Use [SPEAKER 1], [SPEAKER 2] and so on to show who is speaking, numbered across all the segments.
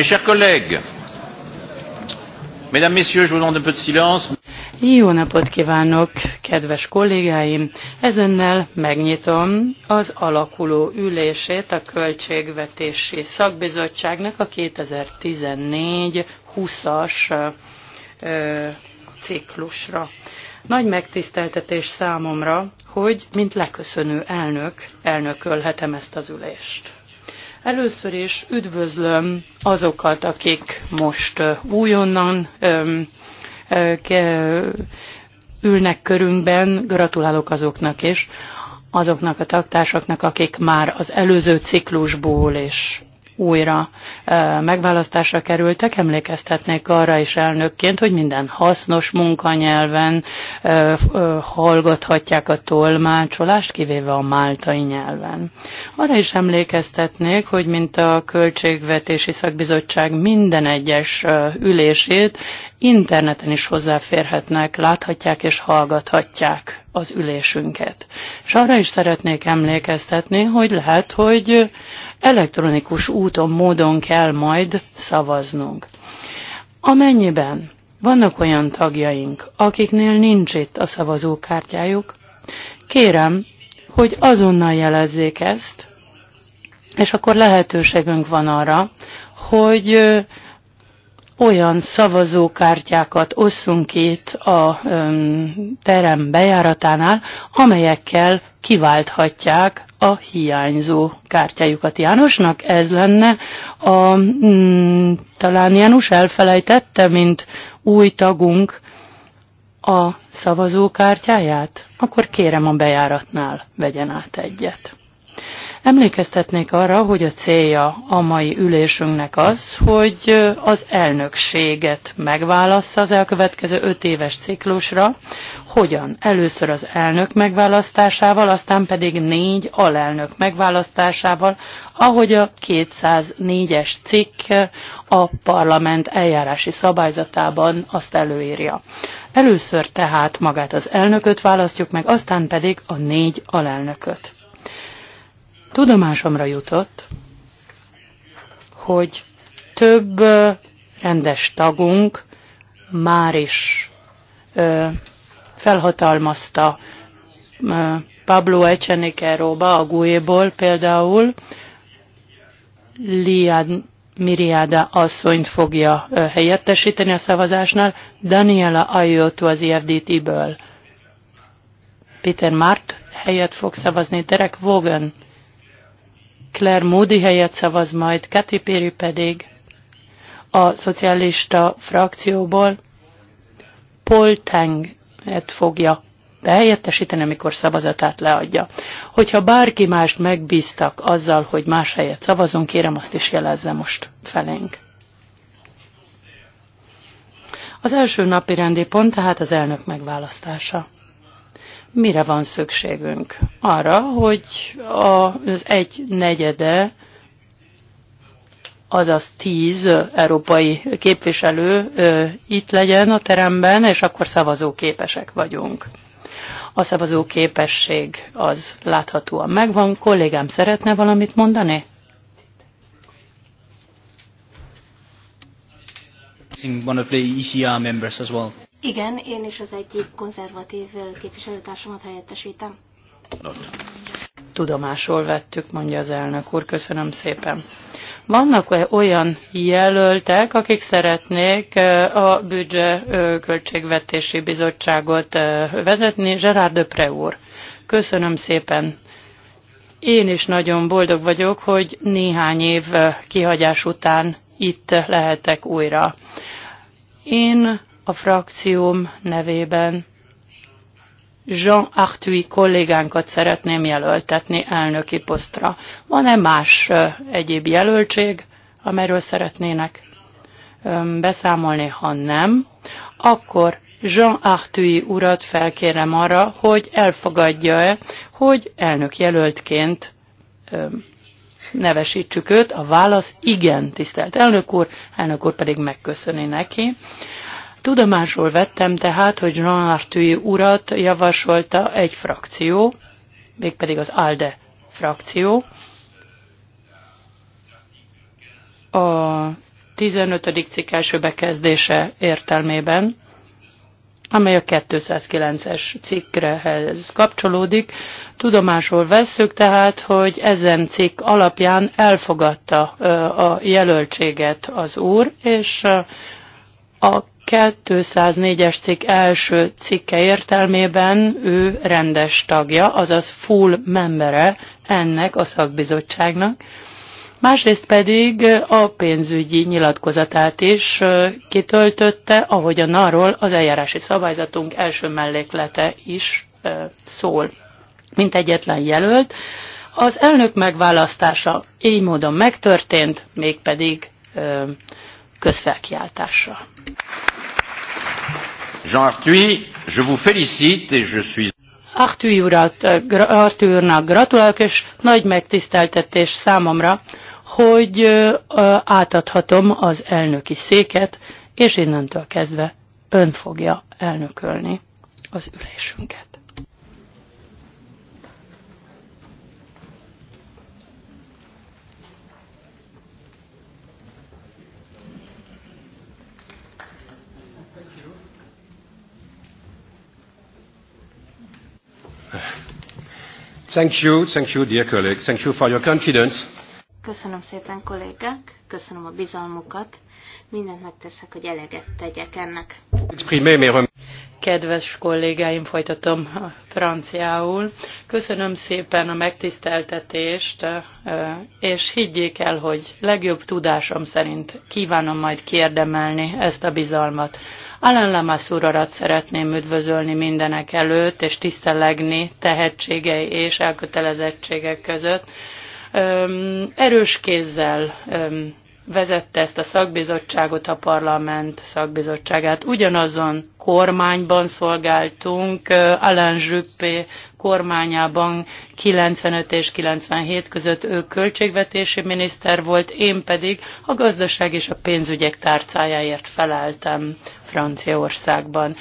[SPEAKER 1] Mes chers collègues, mesdames, messieurs, je vous demande un peu de silence.
[SPEAKER 2] Jó napot kívánok, kedves kollégáim! Ezennel megnyitom az alakuló ülését a Költségvetési Szakbizottságnak a 2014-20-as ciklusra. Nagy megtiszteltetés számomra, hogy mint leköszönő elnök elnökölhetem ezt az ülést. Először is üdvözlöm azokat, akik most újonnan ülnek körünkben, gratulálok azoknak is, azoknak a taktársaknak, akik már az előző ciklusból és újra megválasztásra kerültek, emlékeztetnék arra is elnökként, hogy minden hasznos munkanyelven hallgathatják a tolmácsolást, kivéve a máltai nyelven. Arra is emlékeztetnék, hogy mint a Költségvetési Szakbizottság minden egyes ülését interneten is hozzáférhetnek, láthatják és hallgathatják az ülésünket. És arra is szeretnék emlékeztetni, hogy lehet, hogy elektronikus úton, módon kell majd szavaznunk. Amennyiben vannak olyan tagjaink, akiknél nincs itt a szavazókártyájuk, kérem, hogy azonnal jelezzék ezt, és akkor lehetőségünk van arra, hogy olyan szavazókártyákat osszunk ki itt a terem bejáratánál, amelyekkel kiválthatják a hiányzó kártyájukat Jánosnak. Ez lenne a, mm, talán János elfelejtette, mint új tagunk a szavazókártyáját? Akkor kérem a bejáratnál vegyen át egyet. Emlékeztetnék arra, hogy a célja a mai ülésünknek az, hogy az elnökséget megválassza az elkövetkező öt éves ciklusra, hogyan először az elnök megválasztásával, aztán pedig négy alelnök megválasztásával, ahogy a 204-es cikk a parlament eljárási szabályzatában azt előírja. Először tehát magát az elnököt választjuk meg, aztán pedig a négy alelnököt. Tudomásomra jutott, hogy több rendes tagunk már is felhatalmazta Pablo Echenikeróba a Gújéból például, Liad Miriáda asszonyt fogja helyettesíteni a szavazásnál, Daniela Ayotu az IFDT-ből. Peter Mart helyett fog szavazni Derek Vogan Winkler Módi helyett szavaz majd, Kati Péri pedig a szocialista frakcióból Paul Tang-et fogja behelyettesíteni, amikor szavazatát leadja. Hogyha bárki mást megbíztak azzal, hogy más helyet szavazunk, kérem azt is jelezze most felénk. Az első napi rendi pont tehát az elnök megválasztása mire van szükségünk? Arra, hogy az egy negyede, azaz tíz európai képviselő itt legyen a teremben, és akkor szavazóképesek vagyunk. A szavazóképesség az láthatóan megvan. Kollégám szeretne valamit mondani?
[SPEAKER 1] one of the ECR members as well.
[SPEAKER 3] Igen, én is az egyik konzervatív képviselőtársamat helyettesítem.
[SPEAKER 2] Not. Tudomásról vettük, mondja az elnök úr, köszönöm szépen. Vannak -e olyan jelöltek, akik szeretnék e, a Büdzse Költségvetési Bizottságot e, vezetni? Gerard Döpre úr, köszönöm szépen. Én is nagyon boldog vagyok, hogy néhány év e, kihagyás után itt lehetek újra. Én a frakcióm nevében Jean Arthuis kollégánkat szeretném jelöltetni elnöki posztra. Van-e más egyéb jelöltség, amelyről szeretnének beszámolni, ha nem, akkor Jean Arthuis urat felkérem arra, hogy elfogadja-e, hogy elnök jelöltként nevesítsük őt. A válasz igen, tisztelt elnök úr, elnök úr pedig megköszöni neki. Tudomásul vettem tehát, hogy Jean Arthuy urat javasolta egy frakció, mégpedig az ALDE frakció. A 15. cikk első bekezdése értelmében, amely a 209-es cikkrehez kapcsolódik. Tudomásul vesszük tehát, hogy ezen cikk alapján elfogadta a jelöltséget az úr, és a 204-es cikk első cikke értelmében ő rendes tagja, azaz full membere ennek a szakbizottságnak. Másrészt pedig a pénzügyi nyilatkozatát is kitöltötte, a arról az eljárási szabályzatunk első melléklete is szól, mint egyetlen jelölt. Az elnök megválasztása így módon megtörtént, mégpedig közfelkiáltással.
[SPEAKER 1] Jean Arthuis, je vous félicite et je suis...
[SPEAKER 2] Arthuis urat, eh, gratulálok, és nagy megtiszteltetés számomra, hogy eh, átadhatom az elnöki széket, és innentől kezdve ön fogja elnökölni az ülésünket.
[SPEAKER 1] Thank you, thank you, dear colleague. Thank you for your confidence.
[SPEAKER 3] Köszönöm szépen, kollégák, köszönöm a bizalmukat.
[SPEAKER 2] Mindent megteszek, hogy eleget tegyek ennek. Kedves kollégáim, folytatom a franciául. Köszönöm szépen a megtiszteltetést, eh, és higgyék el, hogy legjobb tudásom szerint kívánom majd kiérdemelni ezt a bizalmat. Alan úr arat szeretném üdvözölni mindenek előtt, és tisztelegni tehetségei és elkötelezettségek között. Erős kézzel vezette ezt a szakbizottságot, a parlament szakbizottságát. Ugyanazon kormányban szolgáltunk, Alain Juppé kormányában 95 és 97 között ő költségvetési miniszter volt, én pedig a gazdaság és a pénzügyek tárcájáért feleltem Franciaországban.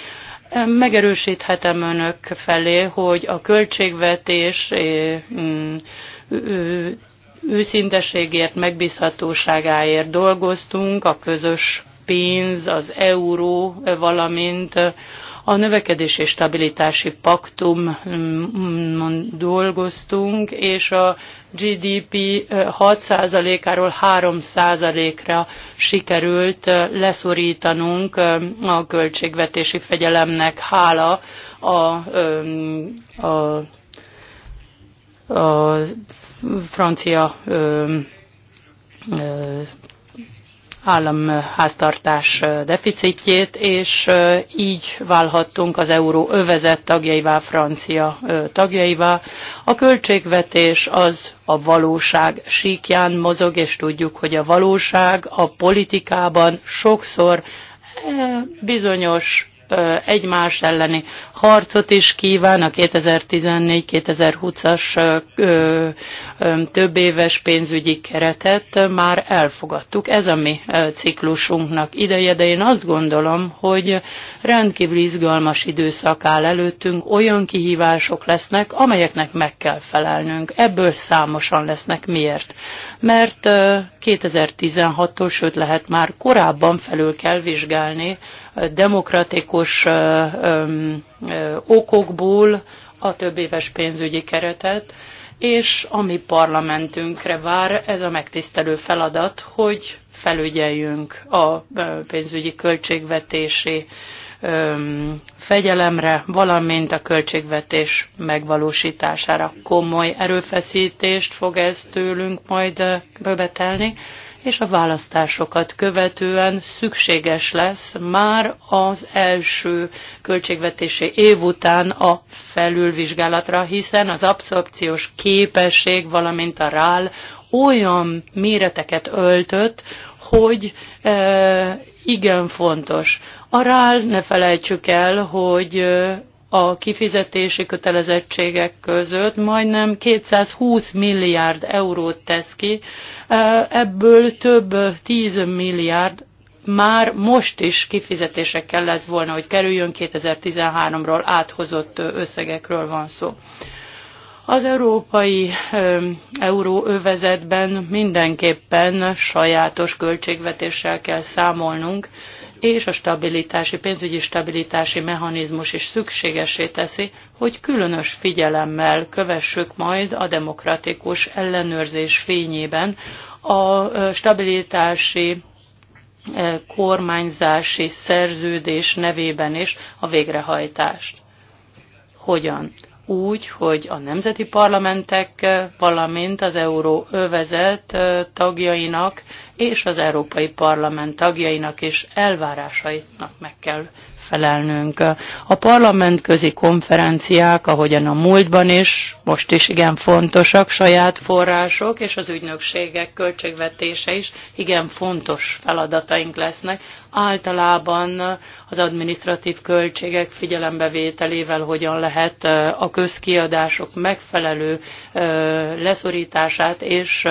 [SPEAKER 2] Megerősíthetem önök felé, hogy a költségvetés eh, mm, őszinteségért, megbízhatóságáért dolgoztunk, a közös pénz, az euró, valamint a növekedés és stabilitási paktumon mm, mm, dolgoztunk, és a GDP 6%-áról 3%-ra sikerült leszorítanunk a költségvetési fegyelemnek hála a, a, a francia államháztartás deficitjét, és így válhattunk az euró övezet tagjaivá, Francia tagjaivá. A költségvetés az a valóság síkján mozog, és tudjuk, hogy a valóság a politikában sokszor bizonyos egymás elleni harcot is kíván a 2014-2020-as többéves pénzügyi keretet már elfogadtuk. Ez a mi ciklusunknak ideje, de én azt gondolom, hogy rendkívül izgalmas időszak áll előttünk, olyan kihívások lesznek, amelyeknek meg kell felelnünk. Ebből számosan lesznek. Miért? Mert 2016-tól, sőt lehet már korábban felül kell vizsgálni demokratikus okokból a több éves pénzügyi keretet, és a mi parlamentünkre vár ez a megtisztelő feladat, hogy felügyeljünk a pénzügyi költségvetési fegyelemre, valamint a költségvetés megvalósítására. Komoly erőfeszítést fog ez tőlünk majd bebetelni és a választásokat követően szükséges lesz már az első költségvetési év után a felülvizsgálatra, hiszen az abszorpciós képesség, valamint a rál olyan méreteket öltött, hogy e, igen fontos. A rál ne felejtsük el, hogy e, a kifizetési kötelezettségek között majdnem 220 milliárd eurót tesz ki, ebből több 10 milliárd már most is kifizetésre kellett volna, hogy kerüljön, 2013-ról áthozott összegekről van szó. Az európai euróövezetben mindenképpen sajátos költségvetéssel kell számolnunk, és a stabilitási, pénzügyi stabilitási mechanizmus is szükségesé teszi, hogy különös figyelemmel kövessük majd a demokratikus ellenőrzés fényében a stabilitási kormányzási szerződés nevében is a végrehajtást. Hogyan? úgy, hogy a nemzeti parlamentek, eh, valamint az euróövezet eh, tagjainak és az Európai Parlament tagjainak is elvárásainak meg kell megfelelnünk. A parlamentközi konferenciák, ahogyan a múltban is, most is igen fontosak, saját források és az ügynökségek költségvetése is igen fontos feladataink lesznek. Általában az administratív költségek figyelembevételével hogyan lehet a közkiadások megfelelő leszorítását és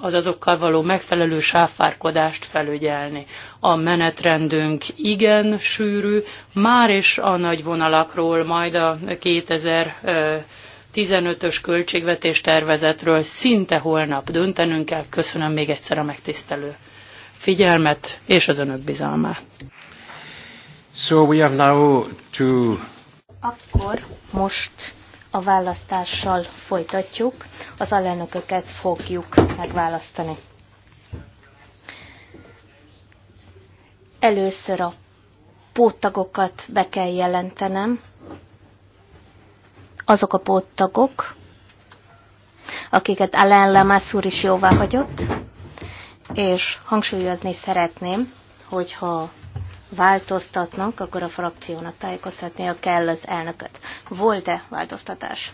[SPEAKER 2] az azokkal való megfelelő sávfárkodást felügyelni. A menetrendünk igen sűrű, már is a nagy vonalakról, majd a 2000 15-ös költségvetés tervezetről szinte holnap döntenünk kell. Köszönöm még egyszer a megtisztelő figyelmet és az önök bizalmát.
[SPEAKER 1] So we have now to...
[SPEAKER 3] Akkor most a választással folytatjuk, az alelnököket fogjuk megválasztani. Először a póttagokat be kell jelentenem. Azok a póttagok, akiket Alain úr is jóvá hagyott, és hangsúlyozni szeretném, hogyha változtatnak, akkor a frakciónak tájékoztatnia kell az elnököt. Volt-e változtatás?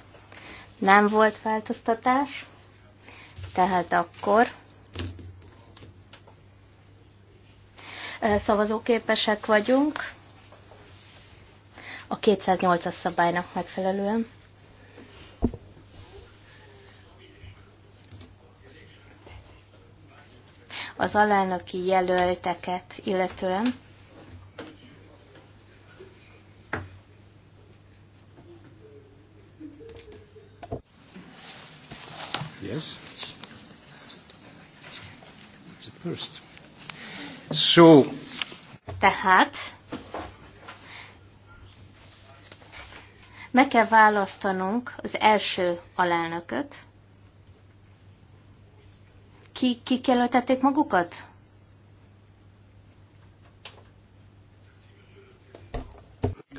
[SPEAKER 3] Nem volt változtatás, tehát akkor szavazóképesek vagyunk a 208-as szabálynak megfelelően. Az alelnöki jelölteket illetően szó. Tehát meg kell választanunk az első alelnököt. Ki, ki jelöltették magukat?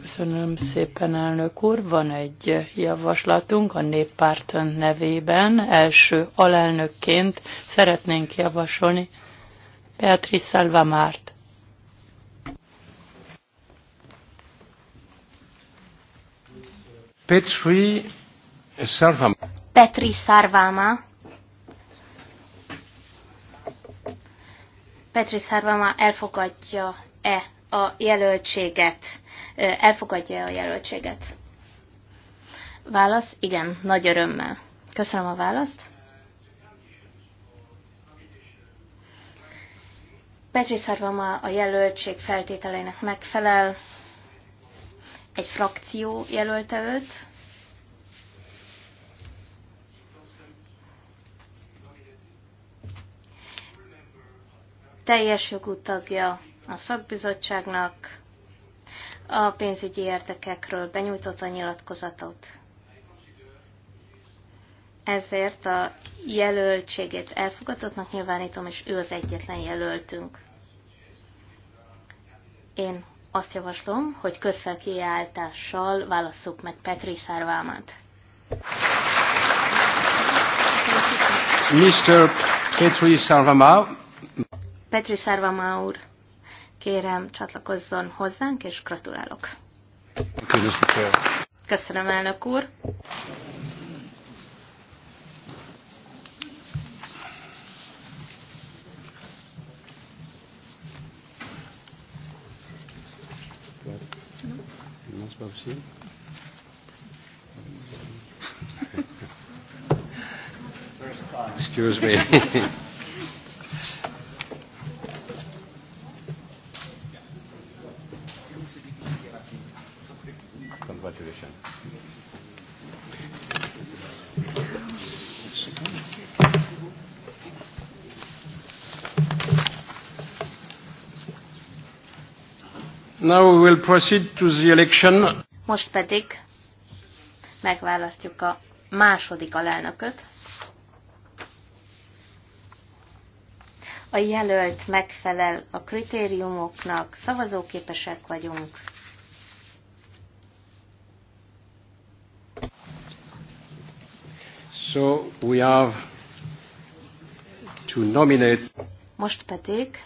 [SPEAKER 2] Köszönöm szépen, elnök úr. Van egy javaslatunk a néppárt nevében. Első alelnökként szeretnénk javasolni Beatriz Salvamárt.
[SPEAKER 1] Petri Sarvama.
[SPEAKER 2] Petri
[SPEAKER 3] Sarvama. Petri Sarvama elfogadja-e a jelöltséget? Elfogadja-e a jelöltséget? Válasz, igen, nagy örömmel. Köszönöm a választ. Petri Szarvama a jelöltség feltételeinek megfelel, egy frakció jelölte őt, teljes jogú tagja a szakbizottságnak, a pénzügyi érdekekről benyújtotta nyilatkozatot ezért a jelöltségét elfogadottnak nyilvánítom, és ő az egyetlen jelöltünk. Én azt javaslom, hogy közfelkiáltással válasszuk meg Petri Szárvámat.
[SPEAKER 1] Mr. Petri Szárvámá.
[SPEAKER 3] Petri Szárvámá úr, kérem csatlakozzon hozzánk, és gratulálok. Köszönöm, elnök úr.
[SPEAKER 1] Excuse me. Congratulations. Now we will proceed to the election.
[SPEAKER 3] Most pedig megválasztjuk a második alelnököt. A jelölt megfelel a kritériumoknak, szavazóképesek vagyunk.
[SPEAKER 1] So we have to nominate.
[SPEAKER 3] Most pedig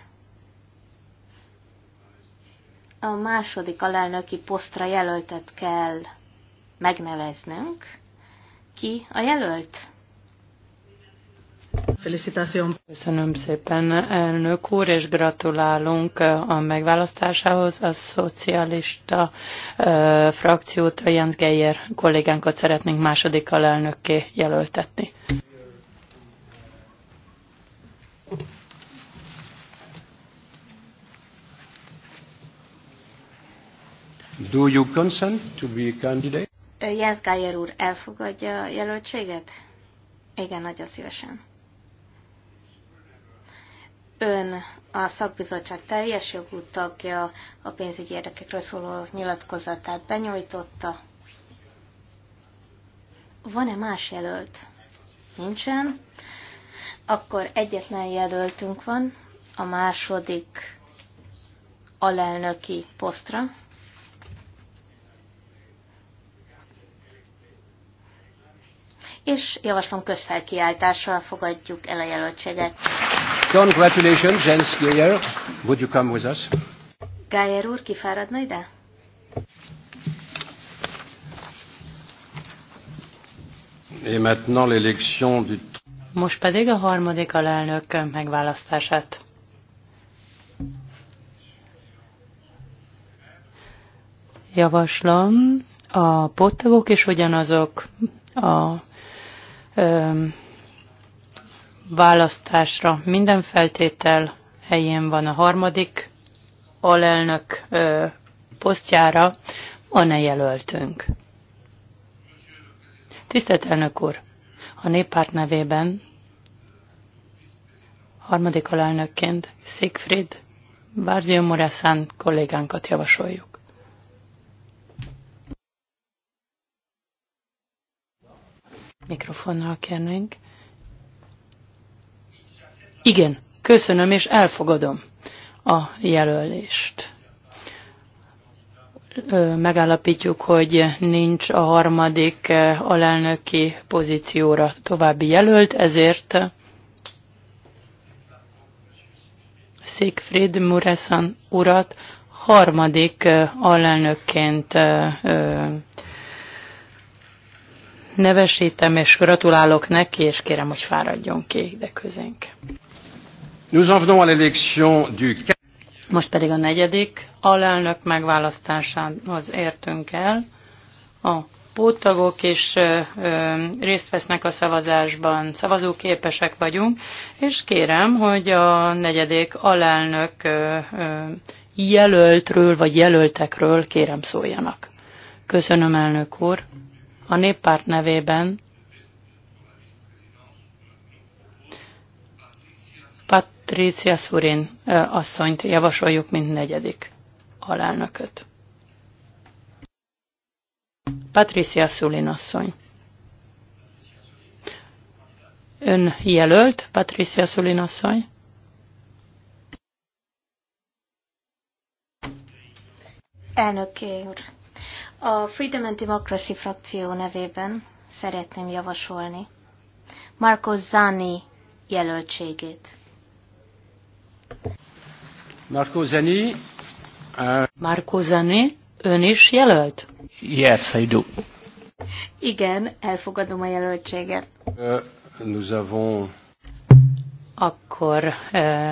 [SPEAKER 3] a második alelnöki posztra jelöltet kell megneveznünk. Ki a jelölt?
[SPEAKER 2] Felicitáción. Köszönöm szépen, elnök úr, és gratulálunk a megválasztásához. A szocialista e, frakciót, a Jens Geyer kollégánkat szeretnénk második alelnökké jelöltetni.
[SPEAKER 1] Do you consent to be a candidate?
[SPEAKER 3] Jens Geyer úr elfogadja a jelöltséget? Igen, nagyon szívesen. Ön a szakbizottság teljes jogú tagja, a pénzügyi érdekekről szóló nyilatkozatát benyújtotta. Van-e más jelölt? Nincsen. Akkor egyetlen jelöltünk van a második alelnöki posztra. és javaslom közfelkiáltással fogadjuk el a jelöltséget.
[SPEAKER 1] Congratulations, Jens Geyer. Would you come with us?
[SPEAKER 3] Geyer úr, kifáradna ide?
[SPEAKER 1] Et maintenant l'élection du...
[SPEAKER 2] Most pedig a harmadik alelnök megválasztását. Javaslom, a pottagok is ugyanazok, a választásra minden feltétel helyén van a harmadik alelnök posztjára, van-e jelöltünk? Tisztelt elnök úr! A néppárt nevében harmadik alelnökként Siegfried Bárzió Moreszán kollégánkat javasoljuk. Mikrofonnal kérnénk. Igen, köszönöm és elfogadom a jelölést. Megállapítjuk, hogy nincs a harmadik alelnöki pozícióra további jelölt, ezért Siegfried Muresan urat harmadik alelnökként nevesítem, és gratulálok neki, és kérem, hogy fáradjon ki ide közénk.
[SPEAKER 1] Nous en venons à l'élection du...
[SPEAKER 2] Most pedig a negyedik alelnök megválasztásához értünk el. A póttagok is ö, ö, részt vesznek a szavazásban, szavazóképesek vagyunk, és kérem, hogy a negyedik alelnök ö, ö, jelöltről vagy jelöltekről kérem szóljanak. Köszönöm, elnök úr a néppárt nevében Patricia Szurin asszonyt javasoljuk, mint negyedik alelnököt. Patricia Szulin asszony. Ön jelölt, Patricia Szulin asszony?
[SPEAKER 3] Elnök úr, a Freedom and Democracy frakció nevében szeretném javasolni Marco Zani jelöltségét.
[SPEAKER 2] Marco Zani. Uh... Marco Zani, ön is jelölt?
[SPEAKER 1] Yes, I do.
[SPEAKER 3] Igen, elfogadom a jelöltséget.
[SPEAKER 2] Uh,
[SPEAKER 1] nous avons...
[SPEAKER 2] Akkor uh,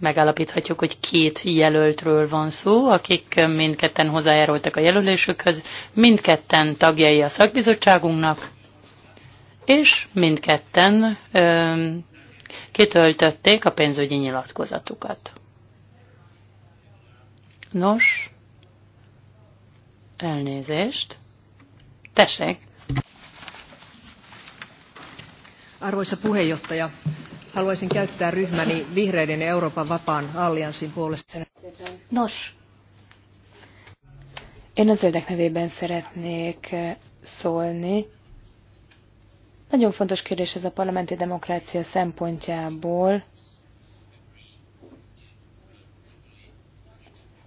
[SPEAKER 2] megállapíthatjuk, hogy két jelöltről van szó, akik mindketten hozzájárultak a jelölésükhöz, mindketten tagjai a szakbizottságunknak, és mindketten ö, kitöltötték a pénzügyi nyilatkozatukat. Nos, elnézést. Tessék!
[SPEAKER 4] Arvoisa puheenjohtaja, Haluaisin käyttää ryhmäni vihreiden ja Euroopan vapaan allianssin puolesta. Nos, én az zöldek nevében szeretnék eh, szólni. Nagyon fontos kérdés ez a parlamenti demokrácia szempontjából.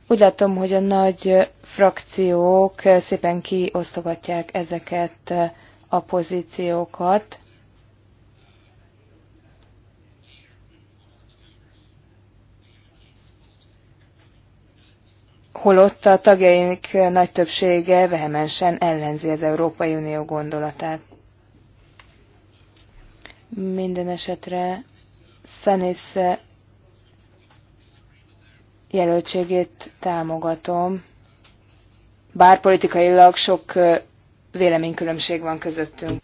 [SPEAKER 4] Úgy látom, hogy a nagy eh, frakciók eh, szépen kiosztogatják ezeket a pozíciókat. holott a tagjaink nagy többsége vehemensen ellenzi az Európai Unió gondolatát. Minden esetre Szenész jelöltségét támogatom, bár politikailag sok véleménykülönbség van közöttünk.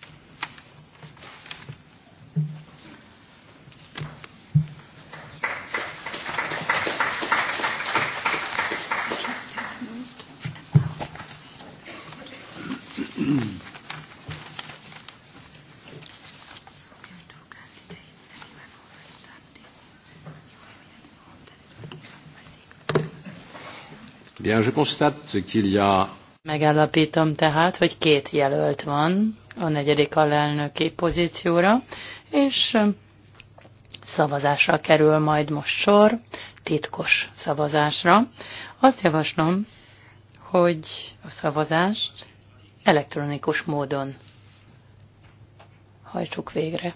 [SPEAKER 1] je constate qu'il y a...
[SPEAKER 2] Megállapítom tehát, hogy két jelölt van a negyedik alelnöki pozícióra, és szavazásra kerül majd most sor, titkos szavazásra. Azt javaslom, hogy a szavazást elektronikus módon hajtsuk végre.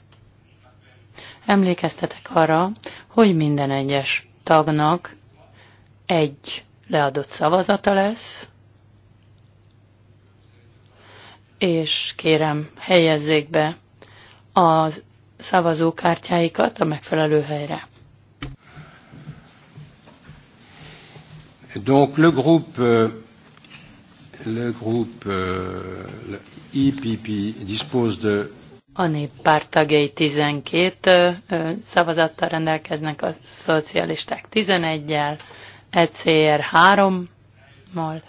[SPEAKER 2] Emlékeztetek arra, hogy minden egyes tagnak egy leadott szavazata lesz, és kérem, helyezzék be a szavazókártyáikat a megfelelő helyre.
[SPEAKER 1] Donc le groupe, euh, le groupe euh, le IPP dispose de
[SPEAKER 2] a néppárt tagjai 12 euh, szavazattal rendelkeznek, a szocialisták 11-el, ECR 3-mal,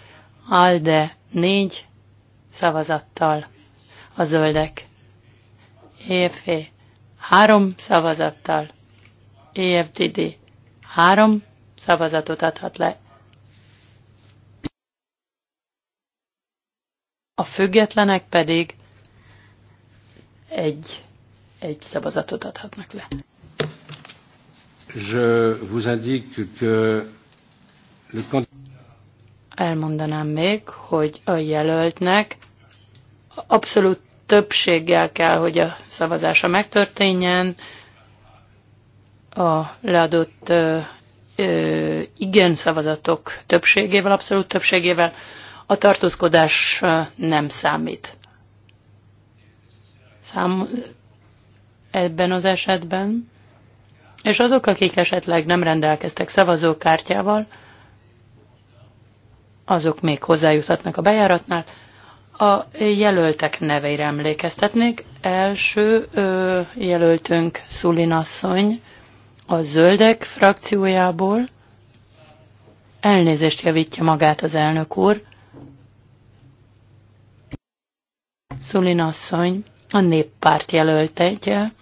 [SPEAKER 2] ALDE 4 szavazattal, a zöldek, EFE 3 e szavazattal, EFDD 3 szavazatot adhat le. A függetlenek pedig egy, egy szavazatot adhatnak le.
[SPEAKER 1] Je vous indique que
[SPEAKER 2] Elmondanám még, hogy a jelöltnek abszolút többséggel kell, hogy a szavazása megtörténjen, a leadott ö, ö, igen szavazatok többségével, abszolút többségével, a tartózkodás nem számít. Szám, ebben az esetben. És azok, akik esetleg nem rendelkeztek szavazókártyával, azok még hozzájuthatnak a bejáratnál. A jelöltek neveire emlékeztetnék. Első ö, jelöltünk Szulin asszony a Zöldek frakciójából. Elnézést javítja magát az elnök úr. Szulin asszony a néppárt jelöltetje,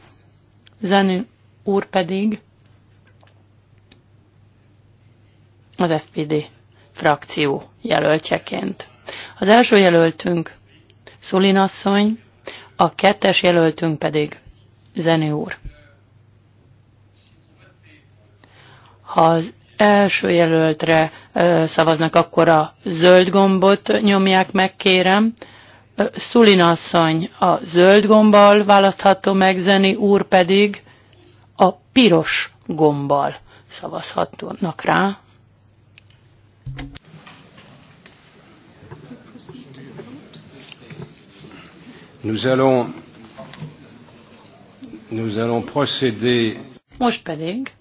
[SPEAKER 2] Zenő úr pedig az FPD frakció jelöltjeként. Az első jelöltünk Szulin asszony, a kettes jelöltünk pedig Zenő úr. Ha az első jelöltre szavaznak, akkor a zöld gombot nyomják meg, kérem. Szulin asszony a zöld gombbal választható meg, Zeni úr pedig a piros gombbal szavazhatnak rá.
[SPEAKER 1] Nous allons, nous allons procéder.
[SPEAKER 2] Most pedig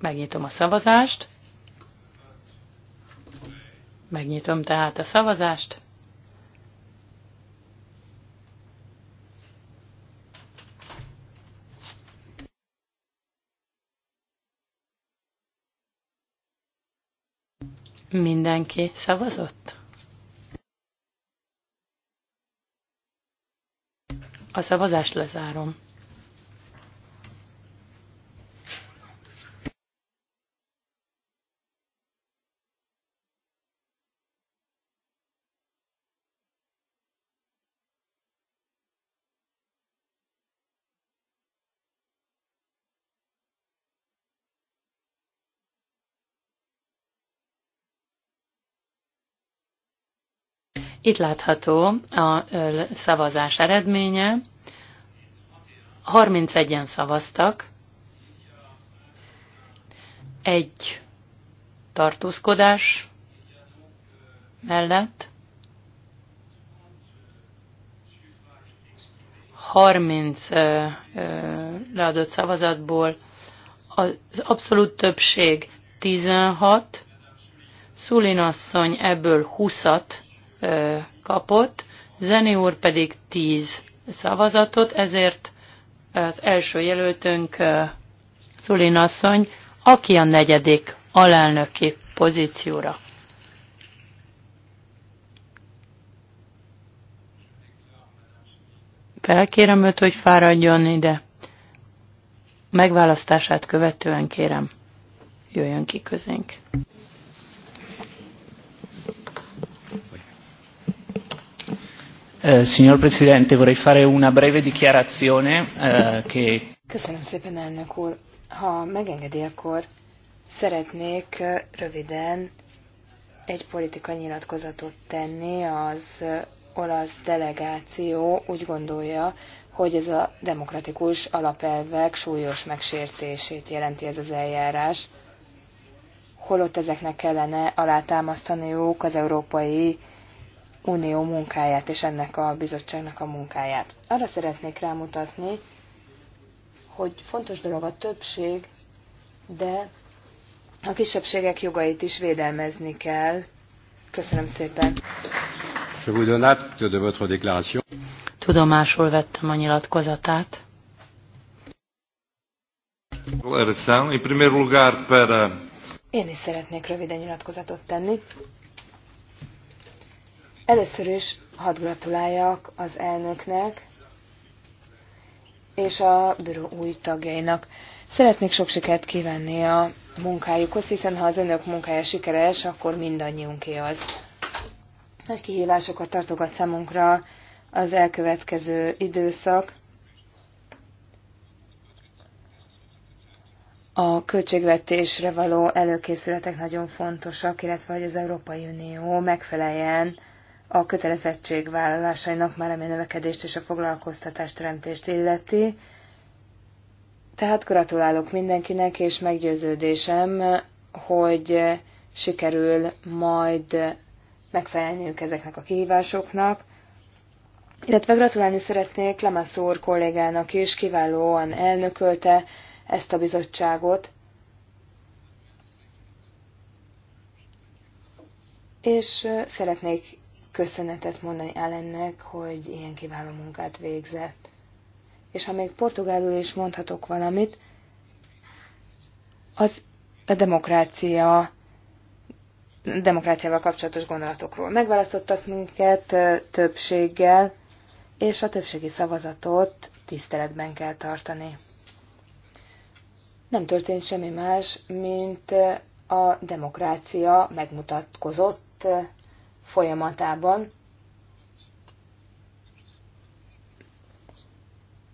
[SPEAKER 2] megnyitom a szavazást. Megnyitom tehát a szavazást. Mindenki szavazott? A szavazást lezárom. Itt látható a szavazás eredménye. 31-en szavaztak, egy tartózkodás mellett, 30 leadott szavazatból az abszolút többség 16, Szulin asszony ebből 20-at kapott, Zeni úr pedig 10 szavazatot, ezért az első jelöltünk Szulin asszony, aki a negyedik alelnöki pozícióra. Felkérem őt, hogy fáradjon ide. Megválasztását követően kérem, jöjjön ki közénk.
[SPEAKER 4] Eh, signor Presidente, vorrei fare una breve dichiarazione eh, che... Köszönöm szépen, elnök úr. Ha megengedi, akkor szeretnék eh, röviden egy politikai nyilatkozatot tenni. Az eh, olasz delegáció úgy gondolja, hogy ez a demokratikus alapelvek súlyos megsértését jelenti ez az eljárás, holott ezeknek kellene alátámasztaniuk az európai Unió munkáját és ennek a bizottságnak a munkáját. Arra szeretnék rámutatni, hogy fontos dolog a többség, de a kisebbségek jogait is védelmezni kell. Köszönöm szépen.
[SPEAKER 2] Tudomásul vettem a nyilatkozatát.
[SPEAKER 4] Én is szeretnék röviden nyilatkozatot tenni. Először is hadd gratuláljak az elnöknek és a büro új tagjainak. Szeretnék sok sikert kívánni a munkájukhoz, hiszen ha az önök munkája sikeres, akkor mindannyiunké az. Nagy kihívásokat tartogat számunkra az elkövetkező időszak. A költségvetésre való előkészületek nagyon fontosak, illetve hogy az Európai Unió megfeleljen a kötelezettségvállalásainak már ami a növekedést és a foglalkoztatást teremtést illeti. Tehát gratulálok mindenkinek, és meggyőződésem, hogy sikerül majd megfelelniük ezeknek a kihívásoknak. Illetve gratulálni szeretnék úr kollégának is, kiválóan elnökölte ezt a bizottságot. És szeretnék köszönetet mondani Ellennek, hogy ilyen kiváló munkát végzett. És ha még portugálul is mondhatok valamit, az a demokrácia demokráciával kapcsolatos gondolatokról. Megválasztottak minket többséggel, és a többségi szavazatot tiszteletben kell tartani. Nem történt semmi más, mint a demokrácia megmutatkozott folyamatában.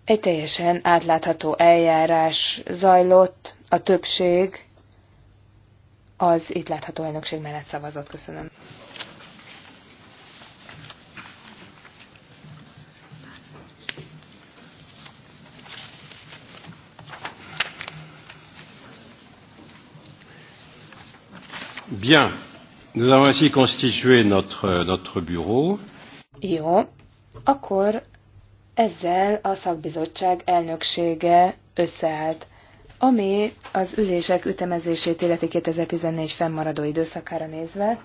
[SPEAKER 4] Egy teljesen átlátható eljárás zajlott, a többség az itt látható elnökség mellett szavazott. Köszönöm.
[SPEAKER 1] Bien. Nous avons ainsi constitué notre, notre bureau.
[SPEAKER 4] Jó, akkor ezzel a szakbizottság elnöksége összeállt, ami az ülések ütemezését illeti 2014 fennmaradó időszakára nézve.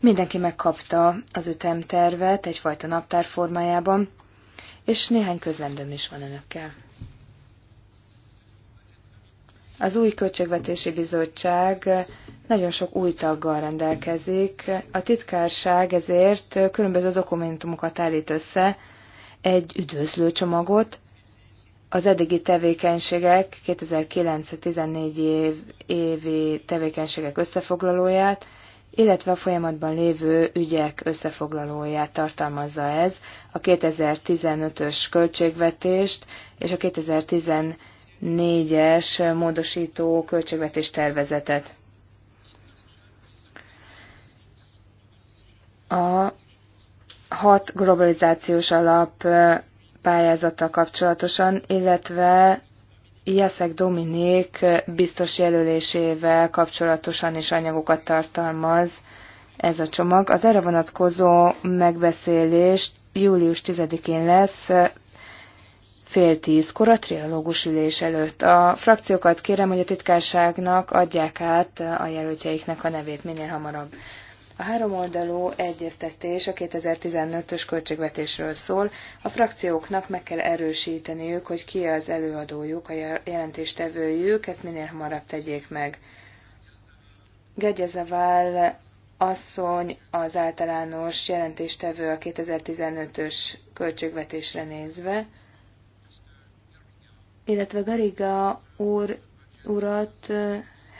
[SPEAKER 4] Mindenki megkapta az ütemtervet egyfajta naptár formájában, és néhány közlendőm is van önökkel. Az új Költségvetési Bizottság nagyon sok új taggal rendelkezik. A titkárság ezért különböző dokumentumokat állít össze, egy üdvözlő csomagot, az eddigi tevékenységek 2009-14 év, évi tevékenységek összefoglalóját, illetve a folyamatban lévő ügyek összefoglalóját tartalmazza ez, a 2015-ös költségvetést és a 2014 négyes módosító költségvetés tervezetet. A hat globalizációs alap pályázata kapcsolatosan, illetve Jeszek Dominik biztos jelölésével kapcsolatosan is anyagokat tartalmaz ez a csomag. Az erre vonatkozó megbeszélést július 10-én lesz fél tízkor a trialógus ülés előtt. A frakciókat kérem, hogy a titkárságnak adják át a jelöltjeiknek a nevét minél hamarabb. A háromoldalú egyeztetés a 2015-ös költségvetésről szól. A frakcióknak meg kell erősíteniük, hogy ki az előadójuk, a jelentéstevőjük, ezt minél hamarabb tegyék meg. Gegyezavál asszony az általános jelentéstevő a 2015-ös költségvetésre nézve illetve Gariga úr, urat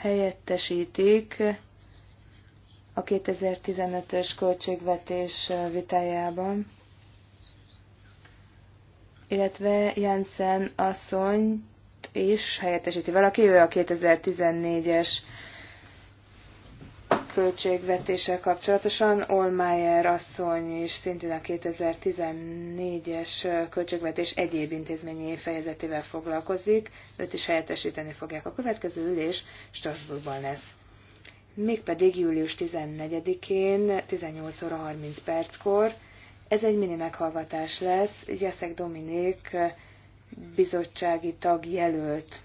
[SPEAKER 4] helyettesítik a 2015-ös költségvetés vitájában, illetve Jensen asszonyt is helyettesíti valaki, ő a 2014-es költségvetéssel kapcsolatosan Olmayer asszony is szintén a 2014-es költségvetés egyéb intézményi fejezetével foglalkozik, őt is helyettesíteni fogják. A következő ülés Strasbourgban lesz. Mégpedig július 14-én 18 óra 30 perckor. Ez egy mini meghallgatás lesz, Jeszek Dominik bizottsági tag jelölt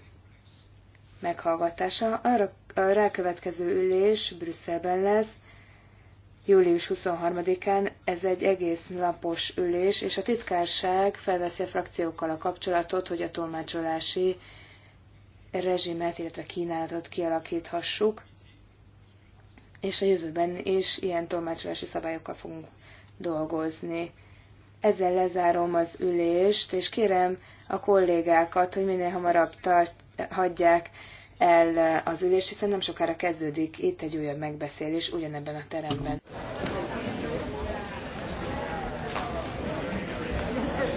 [SPEAKER 4] meghallgatása. Arra a rákövetkező ülés Brüsszelben lesz, július 23-án. Ez egy egész napos ülés, és a titkárság felveszi a frakciókkal a kapcsolatot, hogy a tolmácsolási rezsimet, illetve kínálatot kialakíthassuk, és a jövőben is ilyen tolmácsolási szabályokkal fogunk dolgozni. Ezzel lezárom az ülést, és kérem a kollégákat, hogy minél hamarabb tart, hagyják el az ülés, hiszen nem sokára kezdődik itt egy újabb megbeszélés ugyanebben a teremben.